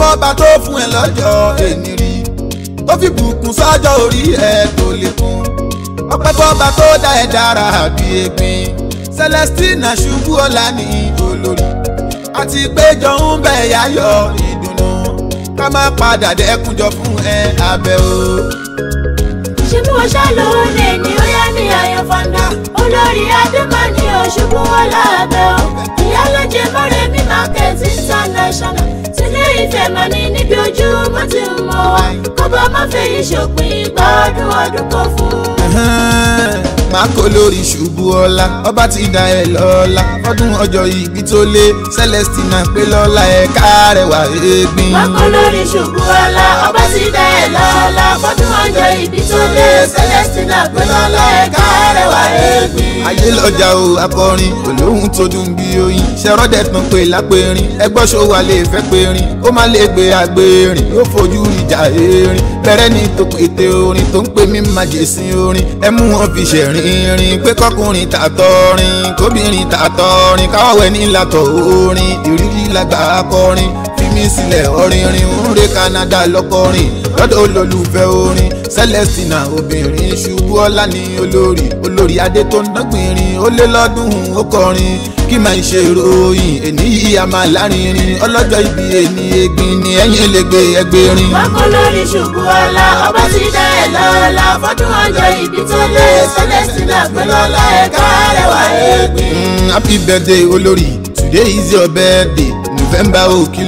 kọ́ba tó fún ẹ lọ́jọ́ ẹni rí tó fi bùkún sọ́jọ́ orí ẹ tó lè kún ọpẹ́ kọ́ba tó dá ẹ dára àbí ẹ̀gbin Celestina ṣubú ọ̀la ní olórí àti péjọ ń bẹ̀ yáyọ̀ ìdùnnú ká má padà dẹ́kunjọ fún ẹ abẹ́ o. ṣé bí wọ́n lè ní ó yá ní ayọ̀ fọ́nà olórí adémọ́ni òṣùbù ọ̀la abẹ́ o ìyá ló mọ́rẹ́mí market international ìfẹ́ mà ní níbi ojú mo ti mọ̀ kó bá má fẹ́ yí ṣòpin gbádùn ọdún kan fún má kó lórí ṣubú ọlá ọba ti dá ẹ lọ́la fọ́dún ọjọ́ ìbí tó lé celestina pé lọ́la ẹ̀ka rẹwà egbin. má kó lórí ṣubú ọlá ọba ti dá ẹ lọ́la fọ́dún ọjọ́ ìbí tó lé celestina pé lọ́la ẹ̀ka rẹwà egbin. ayé lọ́jà o akọrin olóhùn tó dùn bí oyin ṣẹ́rọ́dẹ̀ tán pé lápẹ́rin ẹgbọ́n ṣó wà lè fẹ́ pẹ́rin ó má lè gbé agbẹ́rin yóò fojú ìjà erin bẹ̀rẹ̀ ní tòkètè orin tó ń pè mí májèsín orin ẹ mú wọn fi ṣẹ̀rin irin pé kọkùnrin tàtọrin kóbìnrin tàtọrin káwọ̀ ẹ̀ ní ìlàtọ̀ orin ìrírí làgbà akọrin mi sílẹ̀ orin rin ń Canada lọ́kọ́ rìn lọ́dọ̀ olólùfẹ́ orin Celestina obìnrin ṣubú ọlá ní olórí olórí adé tó ń dọ́gbìnrin ó lé lọ́dún ó kí máa ń ṣe ròyìn èní yìí a máa lárinrin ọlọ́jọ́ ibi èní egin ni ẹ̀yìn lè gbé ẹgbẹ́ rin. wákò lórí ṣubú ọlá ọba ti dá ẹ lọ́la fọdún ọjọ́ ibi tó lé Celestina pé lọ́la ẹ̀ka rẹwà ẹ̀gbìn. Mm, happy birthday olórí today is your birthday November o kí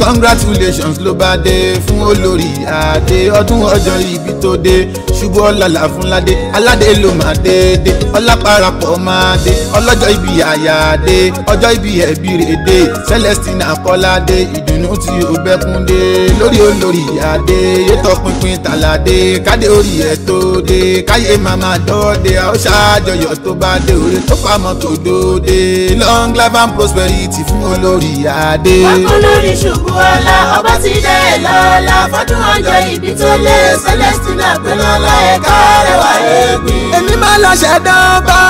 congratulations ló bá dé fún olórí adé ọdún ọjọ́ ibi tó dé ṣubú ọ̀làlà fún ládé aládé ló máa dé dé ọlápárapọ̀ máa dé ọlọ́jọ́ ibi àyà dé ọjọ́ ibi ẹ̀bí rè dé Celestine Akọ́ládé ìdùnnú tí ó bẹ́kún dé lórí olórí adé yẹtọ̀ pinpin tàládé kádé orí ẹ̀ tó dé káyé màmá dọ́ọ̀dé àwòṣà àjọyọ̀ tó bá dé orí tó pamọ́ tó dóde long life and prosperity fún olórí adé. ọkọ lórí ṣubú ọlá ọba ti dá ẹ lọ́la fọdún ọjọ́ ìbí tó lé celestina pé ẹ̀ka rẹwà ẹ̀gbìn. èmi máa lọ ṣẹ̀dá ọba.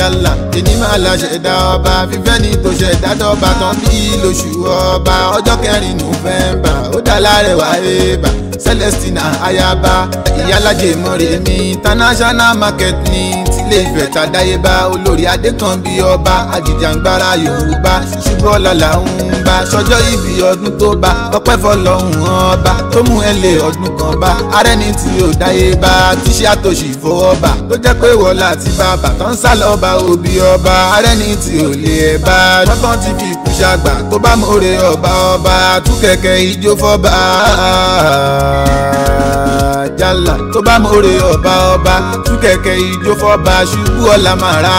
yálà èmi máa lọ ṣẹ̀dá ọba fífẹ́ ni tó ṣẹ̀dá dọ́ba tán bí lóṣù ọba ọjọ́ kẹrin nùfẹ́mbà ó dá lárẹ̀wá ẹ̀bà celestina ayaba ìyálàjẹ mọ̀rẹ́ mi international market ni ilé Ifẹ̀ tàdáyébá olórí adékànbí ọba àjìjàngbara yorùbá ṣùgbọ́n làlà ń bá sọjọ́ ibi ọdún tó bá ọpẹ́ fọlọ́hún ọba tó mú ẹ lè ọdún kan bá arẹni tí ò dáyé bá tíṣe àtòṣì fọwọ́bà tó jẹ́ pé wọ́lá àti bàbà tó ń sá lọ́ba òbí ọba arẹni tí ò lè ẹ bá lọ́gbọ́n ti fi ikú ṣàgbà tó bá mòore ọba ọba tú kẹ̀kẹ́ ijó fọ́ba jálà tó bá mòore ọba ọba tú kẹ̀kẹ́ ijó fọ́ba ṣubú ọ̀la màrá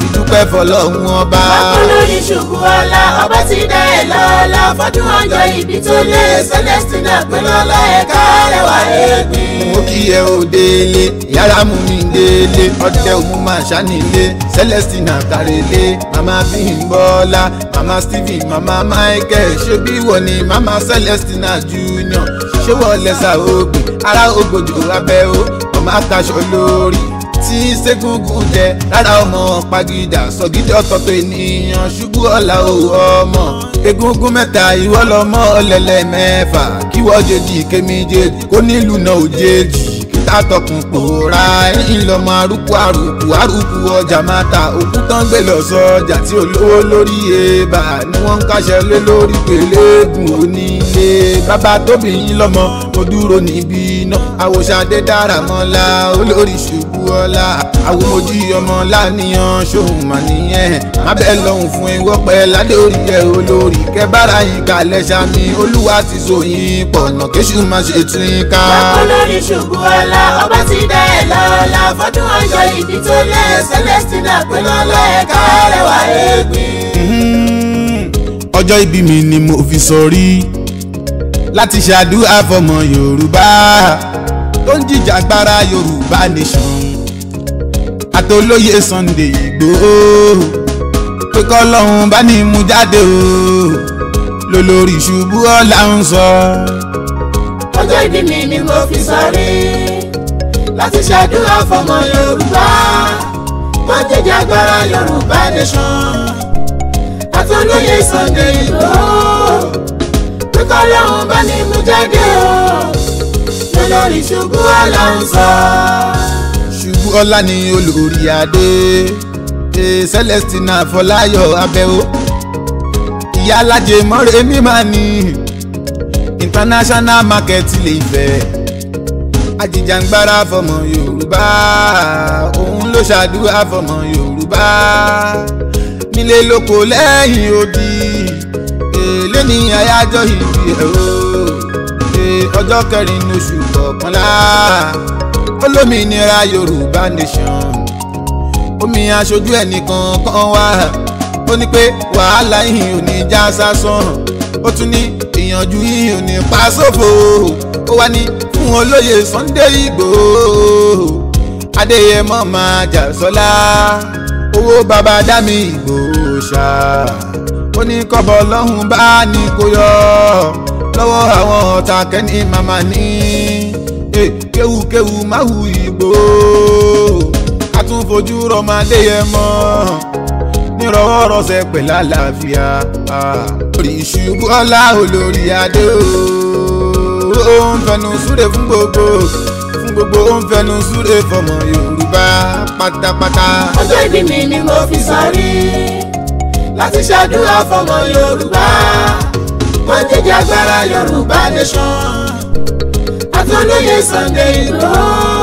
fi dúpẹ́ fọlọ́hún ọba. bákan lórí ṣubú ọ̀la ọba ti dá lọ́lá fọdún ọjọ́ ìbí tó lé Celestina pé lọ́lá ẹ̀ka rẹwà ẹ̀gbìn. mo kí ẹ ò délé yàrá mú mi délé ọdẹ òun máa ṣánilé Celestina kárelé Mama bíyìn bọ́lá màmá Stephen màmá Michael ṣé bí ni màmá Celestina Junior ṣé wọ́n lẹ́sà ogun ara ògbójú abẹ́ o ọmọ àtàṣọ lórí tí ṣégúngún jẹ rárá ọmọ pàgídà sọgídé ọ̀tọ̀ọ̀tọ̀ ènìyàn ṣubú ọ̀la o ọmọ egúngún mẹ́ta ìwọ lọmọ ọlẹ́lẹ̀ mẹ́fà kíwọ́ jèjì kémíjè kó nílùú náà ò jèjì látọkùn pòórá ẹ̀yìn lọmọ arúgbó àrùkù àrùkù ọjà máa ta òkú tán gbé lọ sọjà tí olówó lórí ebà ni wọ́n ń káṣẹ lé lórí pẹ̀lẹ́gùn onílé bàbá tóbi yín lọ́mọ mo dúró níbi iná àwòṣàdé dára mọ́lá olórí ṣubú ọlá àwòmójú ọmọ láníyàn ṣòun mà nìyẹn abẹ́ lọ́hùn fún ìwọ́pẹ́ ládé orí ẹ̀ olórí kẹbára yìí kalẹ̀ ṣàmì olúwa ti sòyìn pọ̀nà kéṣù má ṣe tún yín ká. olórí ṣubú ọlá ọba ti dá ẹ lọ́la fọdún ọjọ́ ìbí tó lẹ̀ celestina pé lọ́lọ́ ẹ̀ka rẹwà ẹ̀gbìn. ọjọ́ ìbí mi ni mo fi sọ rí láti ṣàdúrà fọmọ Yorùbá tó ń jìjàgbara Yorùbá nation àtolóyè Sunday Ìgbòho pé kọ́lọ́hún bá ní mú jáde o lólórí ṣubú ọ̀la ń sọ. ọjọ́ ìbí mi ni mo fi sọrí láti ṣàdúrà fọmọ Yorùbá wọ́n jẹ́jẹ́ agbára Yorùbá nation àtolóyè Sunday Ìgbòho kọ́lọ́hún bá ní mú jáde o lọ́lọ́rin ṣubú ọ̀la ń sọ. ṣubú ọlá ni olórí adé celestina fọláyọ abẹ́wò ìyá alájẹ mọ́rẹ́ mímá ni international market lè fẹ́ ajìjàngbara fọmọ yorùbá òun ló ṣàdúrà fọmọ yorùbá nílé lóko lẹ́yìn odi ní àyájọ́ ìbí ẹ̀ o ṣe ọjọ́ kẹrin oṣù kọkànlá olómìnira Yorùbá nation omi aṣojú ẹnìkan kan wá ó ní pé wàhálà ìhìn ò ní já sásán ó tún ní ìyànjú ìhìn ò ní pa sófo ó wá ní fún olóyè Sunday Ìgbòho Adéyẹmọ máa jà sọlá owó bàbá dá mi Ìgbòho ṣáà ó ní kọ́bọ̀ lọ́hùn bá ní kó yọ lọ́wọ́ àwọn ọ̀tá kẹ́ni màmá ní kéwukéwu máwù ìgbò a tún fojú rọmọdé yẹn mọ́ nírọwọ́rọsẹ̀ pẹ̀lú àlàáfíà lórí ìṣubú ọlá olórí adé ó ń fẹnu súre fún gbogbo fún gbogbo ó ń fẹnu súre fọmọ Yorùbá pátápátá. ọjọ́ ìbí mi ni mo fi sọrí láti ṣàdúrà fọmọ Yorùbá wọ́n jẹjẹ agbára Yorùbá nation àtọ́lóye Sunday Igboho.